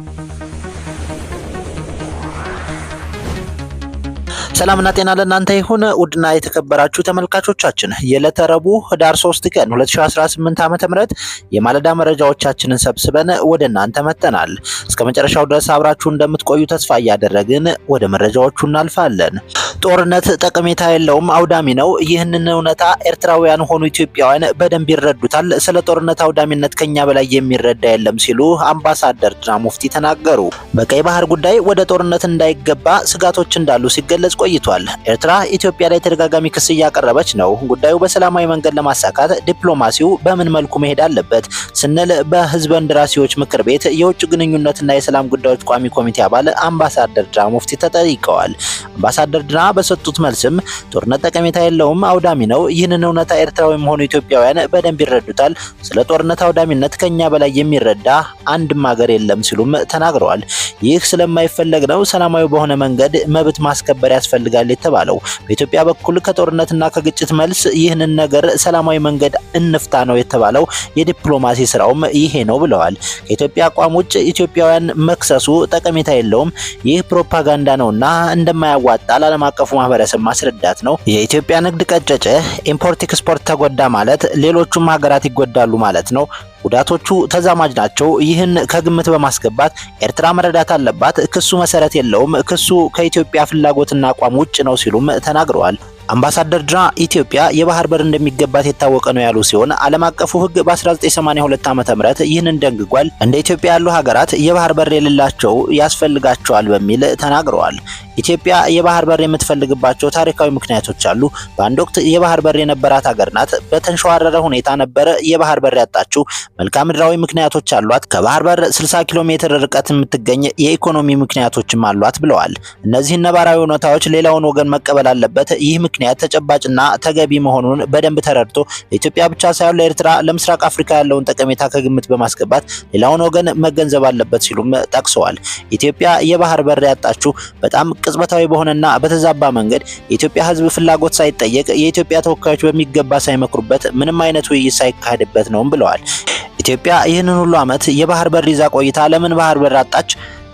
Música ሰላምና ጤና ለእናንተ ይሁን ውድና የተከበራችሁ ተመልካቾቻችን፣ የዕለተ ረቡዕ ህዳር 3 ቀን 2018 ዓ.ም የማለዳ መረጃዎቻችንን ሰብስበን ወደ እናንተ መጥተናል። እስከ መጨረሻው ድረስ አብራችሁ እንደምትቆዩ ተስፋ እያደረግን ወደ መረጃዎቹ እናልፋለን። ጦርነት ጠቀሜታ የለውም፣ አውዳሚ ነው። ይህንን እውነታ ኤርትራውያን ሆኑ ኢትዮጵያውያን በደንብ ይረዱታል። ስለ ጦርነት አውዳሚነት ከኛ በላይ የሚረዳ የለም ሲሉ አምባሳደር ዲና ሙፍቲ ተናገሩ። በቀይ ባህር ጉዳይ ወደ ጦርነት እንዳይገባ ስጋቶች እንዳሉ ሲገለጽ ቆይ ቆይቷል። ኤርትራ ኢትዮጵያ ላይ ተደጋጋሚ ክስ እያቀረበች ነው። ጉዳዩ በሰላማዊ መንገድ ለማሳካት ዲፕሎማሲው በምን መልኩ መሄድ አለበት ስንል በህዝብ እንደራሴዎች ምክር ቤት የውጭ ግንኙነትና የሰላም ጉዳዮች ቋሚ ኮሚቴ አባል አምባሳደር ድራ ሙፍቲ ተጠይቀዋል። አምባሳደር ድራ በሰጡት መልስም ጦርነት ጠቀሜታ የለውም፣ አውዳሚ ነው። ይህንን እውነታ ኤርትራዊ ሆኑ ኢትዮጵያውያን በደንብ ይረዱታል። ስለ ጦርነት አውዳሚነት ከኛ በላይ የሚረዳ አንድም ሀገር የለም ሲሉም ተናግረዋል። ይህ ስለማይፈለግ ነው። ሰላማዊ በሆነ መንገድ መብት ማስከበር ያስፈልጋል ያስፈልጋል የተባለው በኢትዮጵያ በኩል ከጦርነትና ከግጭት መልስ ይህንን ነገር ሰላማዊ መንገድ እንፍታ ነው የተባለው። የዲፕሎማሲ ስራውም ይሄ ነው ብለዋል። ከኢትዮጵያ አቋም ውጭ ኢትዮጵያውያን መክሰሱ ጠቀሜታ የለውም፣ ይህ ፕሮፓጋንዳ ነውና እንደማያዋጣ ለዓለም አቀፉ ማህበረሰብ ማስረዳት ነው። የኢትዮጵያ ንግድ ቀጨጨ፣ ኢምፖርት ኤክስፖርት ተጎዳ ማለት ሌሎቹም ሀገራት ይጎዳሉ ማለት ነው። ጉዳቶቹ ተዛማጅ ናቸው። ይህን ከግምት በማስገባት ኤርትራ መረዳት አለባት። ክሱ መሰረት የለውም። ክሱ ከኢትዮጵያ ፍላጎትና አቋም ውጭ ነው ሲሉም ተናግረዋል። አምባሳደር ድራ ኢትዮጵያ የባህር በር እንደሚገባት የታወቀ ነው ያሉ ሲሆን ዓለም አቀፉ ህግ በ1982 ዓ.ም ይህንን ደንግጓል። እንደ ኢትዮጵያ ያሉ ሀገራት የባህር በር የሌላቸው ያስፈልጋቸዋል በሚል ተናግረዋል። ኢትዮጵያ የባህር በር የምትፈልግባቸው ታሪካዊ ምክንያቶች አሉ። በአንድ ወቅት የባህር በር የነበራት ሀገር ናት። በተንሸዋረረ ሁኔታ ነበረ የባህር በር ያጣችው። መልክዓ ምድራዊ ምክንያቶች አሏት። ከባህር በር 60 ኪሎ ሜትር ርቀት የምትገኝ የኢኮኖሚ ምክንያቶችም አሏት ብለዋል። እነዚህን ነባራዊ ሁኔታዎች ሌላውን ወገን መቀበል አለበት። ይህ ምክንያት ተጨባጭና ተገቢ መሆኑን በደንብ ተረድቶ ለኢትዮጵያ ብቻ ሳይሆን ለኤርትራ፣ ለምስራቅ አፍሪካ ያለውን ጠቀሜታ ከግምት በማስገባት ሌላውን ወገን መገንዘብ አለበት ሲሉም ጠቅሰዋል። ኢትዮጵያ የባህር በር ያጣችው በጣም ቅጽበታዊ በሆነና በተዛባ መንገድ የኢትዮጵያ ሕዝብ ፍላጎት ሳይጠየቅ የኢትዮጵያ ተወካዮች በሚገባ ሳይመክሩበት ምንም አይነት ውይይት ሳይካሄድበት ነውም ብለዋል። ኢትዮጵያ ይህንን ሁሉ ዓመት የባህር በር ይዛ ቆይታ ለምን ባህር በር አጣች?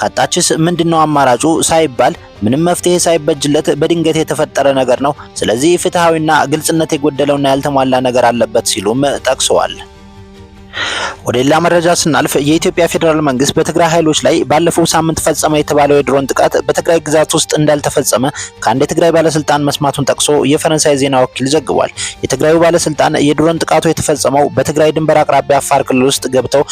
ካጣችስ ምንድነው አማራጩ ሳይባል ምንም መፍትሄ ሳይበጅለት በድንገት የተፈጠረ ነገር ነው። ስለዚህ ፍትሐዊና ግልጽነት የጎደለውና ያልተሟላ ነገር አለበት ሲሉም ጠቅሰዋል። ወደ ሌላ መረጃ ስናልፍ የኢትዮጵያ ፌዴራል መንግስት በትግራይ ኃይሎች ላይ ባለፈው ሳምንት ፈጸመ የተባለው የድሮን ጥቃት በትግራይ ግዛት ውስጥ እንዳልተፈጸመ ከአንድ የትግራይ ባለስልጣን መስማቱን ጠቅሶ የፈረንሳይ ዜና ወኪል ዘግቧል። የትግራዩ ባለስልጣን የድሮን ጥቃቱ የተፈጸመው በትግራይ ድንበር አቅራቢያ አፋር ክልል ውስጥ ገብተው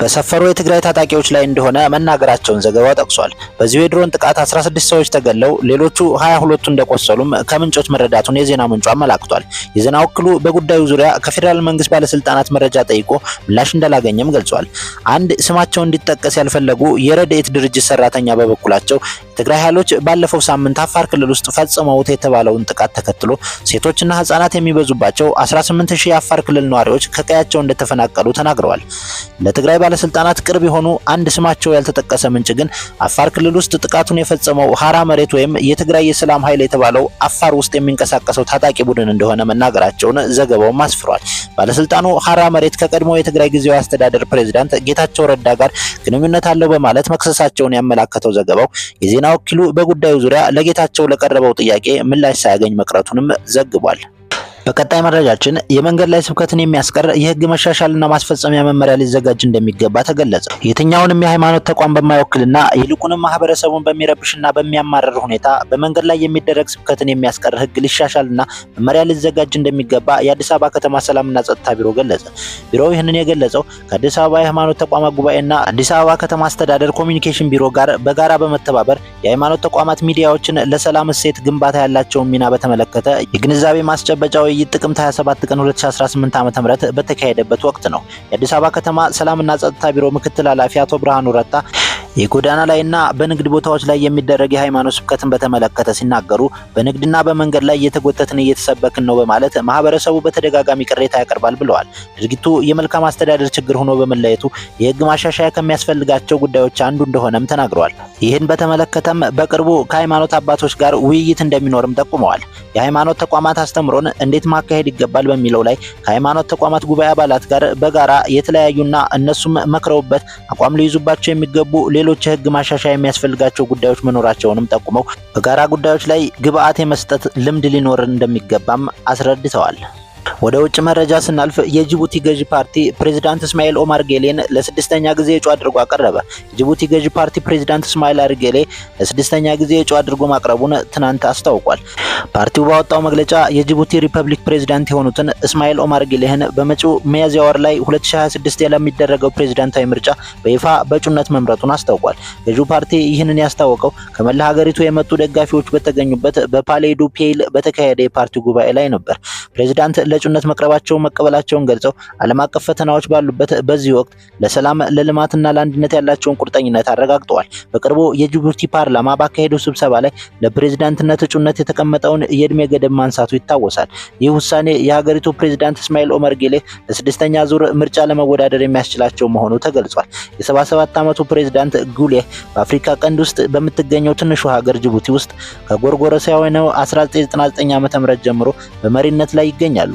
በሰፈሩ የትግራይ ታጣቂዎች ላይ እንደሆነ መናገራቸውን ዘገባው ጠቅሷል። በዚሁ የድሮን ጥቃት 16 ሰዎች ተገለው ሌሎቹ 22ቱ እንደቆሰሉም ከምንጮች መረዳቱን የዜና ምንጩ አመላክቷል። የዜና ወኪሉ በጉዳዩ ዙሪያ ከፌዴራል መንግስት ባለስልጣናት መረጃ ጠይቆ ምላሽ እንዳላገኘም ገልጿል። አንድ ስማቸው እንዲጠቀስ ያልፈለጉ የረድኤት ድርጅት ሰራተኛ በበኩላቸው የትግራይ ኃይሎች ባለፈው ሳምንት አፋር ክልል ውስጥ ፈጽመውት የተባለውን ጥቃት ተከትሎ ሴቶችና ህጻናት የሚበዙባቸው 18 ሺህ የአፋር ክልል ነዋሪዎች ከቀያቸው እንደተፈናቀሉ ተናግረዋል። ለትግራይ ባለስልጣናት ቅርብ የሆኑ አንድ ስማቸው ያልተጠቀሰ ምንጭ ግን አፋር ክልል ውስጥ ጥቃቱን የፈጸመው ሀራ መሬት ወይም የትግራይ የሰላም ኃይል የተባለው አፋር ውስጥ የሚንቀሳቀሰው ታጣቂ ቡድን እንደሆነ መናገራቸውን ዘገባውም አስፍሯል። ባለስልጣኑ ሀራ መሬት ከቀድሞ የትግራይ የትግራይ ጊዜያዊ አስተዳደር ፕሬዝዳንት ጌታቸው ረዳ ጋር ግንኙነት አለው በማለት መክሰሳቸውን ያመላከተው ዘገባው የዜና ወኪሉ በጉዳዩ ዙሪያ ለጌታቸው ለቀረበው ጥያቄ ምላሽ ሳያገኝ መቅረቱንም ዘግቧል። በቀጣይ መረጃችን የመንገድ ላይ ስብከትን የሚያስቀር የህግ መሻሻልና ማስፈጸሚያ መመሪያ ሊዘጋጅ እንደሚገባ ተገለጸ። የትኛውንም የሃይማኖት ተቋም በማይወክልና ይልቁንም ማህበረሰቡን በሚረብሽና በሚያማረር ሁኔታ በመንገድ ላይ የሚደረግ ስብከትን የሚያስቀር ህግ ሊሻሻልና መመሪያ ሊዘጋጅ እንደሚገባ የአዲስ አበባ ከተማ ሰላምና ጸጥታ ቢሮ ገለጸ። ቢሮው ይህንን የገለጸው ከአዲስ አበባ የሃይማኖት ተቋማት ጉባኤና አዲስ አበባ ከተማ አስተዳደር ኮሚኒኬሽን ቢሮ ጋር በጋራ በመተባበር የሃይማኖት ተቋማት ሚዲያዎችን ለሰላም እሴት ግንባታ ያላቸውን ሚና በተመለከተ የግንዛቤ ማስጨበጫዊ ውይይት ጥቅምት 27 ቀን 2018 ዓ.ም በተካሄደበት ወቅት ነው። የአዲስ አበባ ከተማ ሰላምና ጸጥታ ቢሮ ምክትል ኃላፊ አቶ ብርሃኑ ረታ የጎዳና ላይና በንግድ ቦታዎች ላይ የሚደረግ የሃይማኖት ስብከትን በተመለከተ ሲናገሩ በንግድና በመንገድ ላይ እየተጎተትን እየተሰበክን ነው በማለት ማህበረሰቡ በተደጋጋሚ ቅሬታ ያቀርባል ብለዋል። ድርጊቱ የመልካም አስተዳደር ችግር ሆኖ በመለየቱ የህግ ማሻሻያ ከሚያስፈልጋቸው ጉዳዮች አንዱ እንደሆነም ተናግረዋል። ይህን በተመለከተም በቅርቡ ከሃይማኖት አባቶች ጋር ውይይት እንደሚኖርም ጠቁመዋል። የሃይማኖት ተቋማት አስተምሮን እንዴት ማካሄድ ይገባል በሚለው ላይ ከሃይማኖት ተቋማት ጉባኤ አባላት ጋር በጋራ የተለያዩና እነሱም መክረውበት አቋም ሊይዙባቸው የሚገቡ ሌሎች የህግ ማሻሻያ የሚያስፈልጋቸው ጉዳዮች መኖራቸውንም ጠቁመው በጋራ ጉዳዮች ላይ ግብአት የመስጠት ልምድ ሊኖር እንደሚገባም አስረድተዋል። ወደ ውጭ መረጃ ስናልፍ የጅቡቲ ገዢ ፓርቲ ፕሬዝዳንት እስማኤል ኦማር ጌሌን ለስድስተኛ ጊዜ እጩ አድርጎ አቀረበ። የጅቡቲ ገዢ ፓርቲ ፕሬዝዳንት እስማኤል አር ጌሌ ለስድስተኛ ጊዜ እጩ አድርጎ ማቅረቡን ትናንት አስታውቋል። ፓርቲው ባወጣው መግለጫ የጅቡቲ ሪፐብሊክ ፕሬዝዳንት የሆኑትን እስማኤል ኦማር ጌሌህን በመጪው ሚያዝያ ወር ላይ 2026 ለሚደረገው ፕሬዝዳንታዊ ምርጫ በይፋ በእጩነት መምረጡን አስታውቋል። ገዢው ፓርቲ ይህንን ያስታወቀው ከመላ ሀገሪቱ የመጡ ደጋፊዎች በተገኙበት በፓሌ ፔይል በተካሄደ የፓርቲው ጉባኤ ላይ ነበር። ፕሬዝዳንት ለእጩነት መቅረባቸውን መቀበላቸውን ገልጸው ዓለም አቀፍ ፈተናዎች ባሉበት በዚህ ወቅት ለሰላም ለልማትና ለአንድነት ያላቸውን ቁርጠኝነት አረጋግጠዋል። በቅርቡ የጅቡቲ ፓርላማ ባካሄደው ስብሰባ ላይ ለፕሬዝዳንትነት እጩነት የተቀመጠውን የእድሜ ገደብ ማንሳቱ ይታወሳል። ይህ ውሳኔ የሀገሪቱ ፕሬዝዳንት እስማኤል ኦመር ጌሌ ለስድስተኛ ዙር ምርጫ ለመወዳደር የሚያስችላቸው መሆኑ ተገልጿል። የ77 ዓመቱ ፕሬዝዳንት ጉሌህ በአፍሪካ ቀንድ ውስጥ በምትገኘው ትንሹ ሀገር ጅቡቲ ውስጥ ከጎርጎሮሳውያኑ 1999 ዓ.ም ጀምሮ በመሪነት ላይ ይገኛሉ።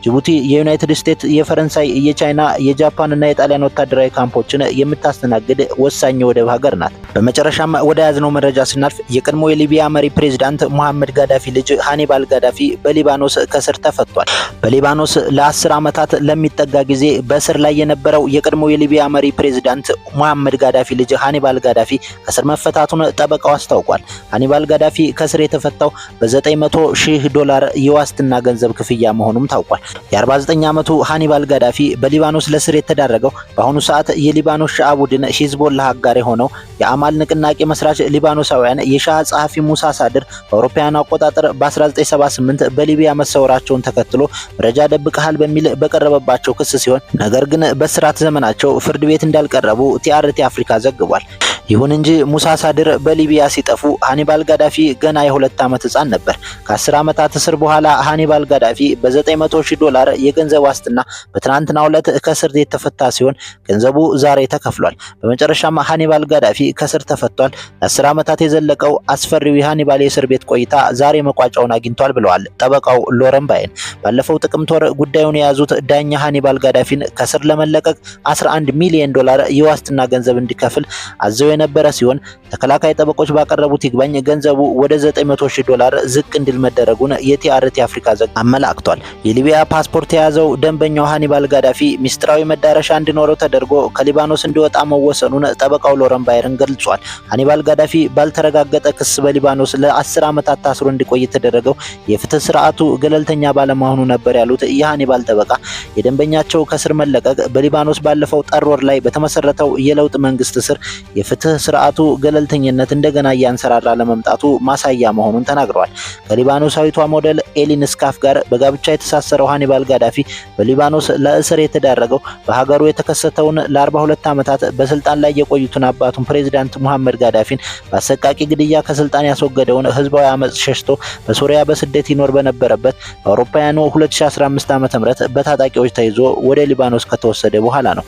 ጅቡቲ የዩናይትድ ስቴትስ፣ የፈረንሳይ፣ የቻይና፣ የጃፓን እና የጣሊያን ወታደራዊ ካምፖችን የምታስተናግድ ወሳኝ ወደብ ሀገር ናት። በመጨረሻም ወደ ያዝነው መረጃ ስናልፍ የቀድሞ የሊቢያ መሪ ፕሬዚዳንት ሙሐመድ ጋዳፊ ልጅ ሃኒባል ጋዳፊ በሊባኖስ ከስር ተፈቷል። በሊባኖስ ለአስር ዓመታት ለሚጠጋ ጊዜ በስር ላይ የነበረው የቀድሞ የሊቢያ መሪ ፕሬዚዳንት ሙሐመድ ጋዳፊ ልጅ ሃኒባል ጋዳፊ ከስር መፈታቱን ጠበቃው አስታውቋል። ሃኒባል ጋዳፊ ከስር የተፈታው በ900 ሺህ ዶላር የዋስትና ገንዘብ ክፍያ መሆኑም ታውቋል። የ49 ዓመቱ ሃኒባል ጋዳፊ በሊባኖስ ለስር የተዳረገው በአሁኑ ሰዓት የሊባኖስ ሻአ ቡድን ሂዝቦላ አጋር የሆነው የአማል ንቅናቄ መስራች ሊባኖሳውያን የሻአ ጸሐፊ ሙሳ ሳድር በአውሮፓውያን አቆጣጠር በ1978 በሊቢያ መሰወራቸውን ተከትሎ መረጃ ደብቀሃል በሚል በቀረበባቸው ክስ ሲሆን ነገር ግን በስርዓት ዘመናቸው ፍርድ ቤት እንዳልቀረቡ ቲአርቲ አፍሪካ ዘግቧል። ይሁን እንጂ ሙሳ ሳድር በሊቢያ ሲጠፉ ሃኒባል ጋዳፊ ገና የሁለት ዓመት ህፃን ነበር። ከ10 ዓመታት እስር በኋላ ሃኒባል ጋዳፊ በ900 ሺህ ዶላር የገንዘብ ዋስትና በትናንትናው ዕለት ከእስር የተፈታ ሲሆን ገንዘቡ ዛሬ ተከፍሏል። በመጨረሻም ሃኒባል ጋዳፊ ከእስር ተፈቷል። ለ10 ዓመታት የዘለቀው አስፈሪው የሃኒባል የእስር ቤት ቆይታ ዛሬ መቋጫውን አግኝቷል ብለዋል ጠበቃው ሎረን ባይን። ባለፈው ጥቅምት ወር ጉዳዩን የያዙት ዳኛ ሃኒባል ጋዳፊን ከእስር ለመለቀቅ 11 ሚሊዮን ዶላር የዋስትና ገንዘብ እንዲከፍል አዘው የነበረ ሲሆን ተከላካይ ጠበቆች ባቀረቡት ይግባኝ ገንዘቡ ወደ 900 ሺህ ዶላር ዝቅ እንዲል መደረጉን የቲአርቲ አፍሪካ ዘገባ አመላክቷል። የሊቢያ ፓስፖርት የያዘው ደንበኛው ሃኒባል ጋዳፊ ሚስጥራዊ መዳረሻ እንዲኖረው ተደርጎ ከሊባኖስ እንዲወጣ መወሰኑን ጠበቃው ሎረን ባየርን ገልጿል። ሃኒባል ጋዳፊ ባልተረጋገጠ ክስ በሊባኖስ ለ10 ዓመታት ታስሮ እንዲቆይ የተደረገው የፍትህ ስርዓቱ ገለልተኛ ባለመሆኑ ነበር ያሉት የሃኒባል ጠበቃ የደንበኛቸው ከስር መለቀቅ በሊባኖስ ባለፈው ጠሮር ላይ በተመሰረተው የለውጥ መንግስት ስር የፍትህ የፍትህ ስርዓቱ ገለልተኝነት እንደገና እያንሰራራ ለመምጣቱ ማሳያ መሆኑን ተናግረዋል። ከሊባኖሳዊቷ ሞዴል ኤሊን ስካፍ ጋር በጋብቻ የተሳሰረው ሃኒባል ጋዳፊ በሊባኖስ ለእስር የተዳረገው በሀገሩ የተከሰተውን ለ42 ዓመታት በስልጣን ላይ የቆዩትን አባቱን ፕሬዚዳንት ሙሐመድ ጋዳፊን በአሰቃቂ ግድያ ከስልጣን ያስወገደውን ህዝባዊ አመፅ ሸሽቶ በሱሪያ በስደት ይኖር በነበረበት በአውሮፓውያኑ 2015 ዓ.ም በታጣቂዎች ተይዞ ወደ ሊባኖስ ከተወሰደ በኋላ ነው።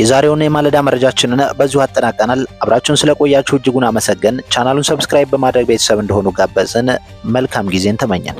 የዛሬውን የማለዳ መረጃችንን በዚሁ አጠናቀናል። አብራችሁን ስለቆያችሁ እጅጉን አመሰገን። ቻናሉን ሰብስክራይብ በማድረግ ቤተሰብ እንደሆኑ ጋበዝን። መልካም ጊዜን ተመኘን።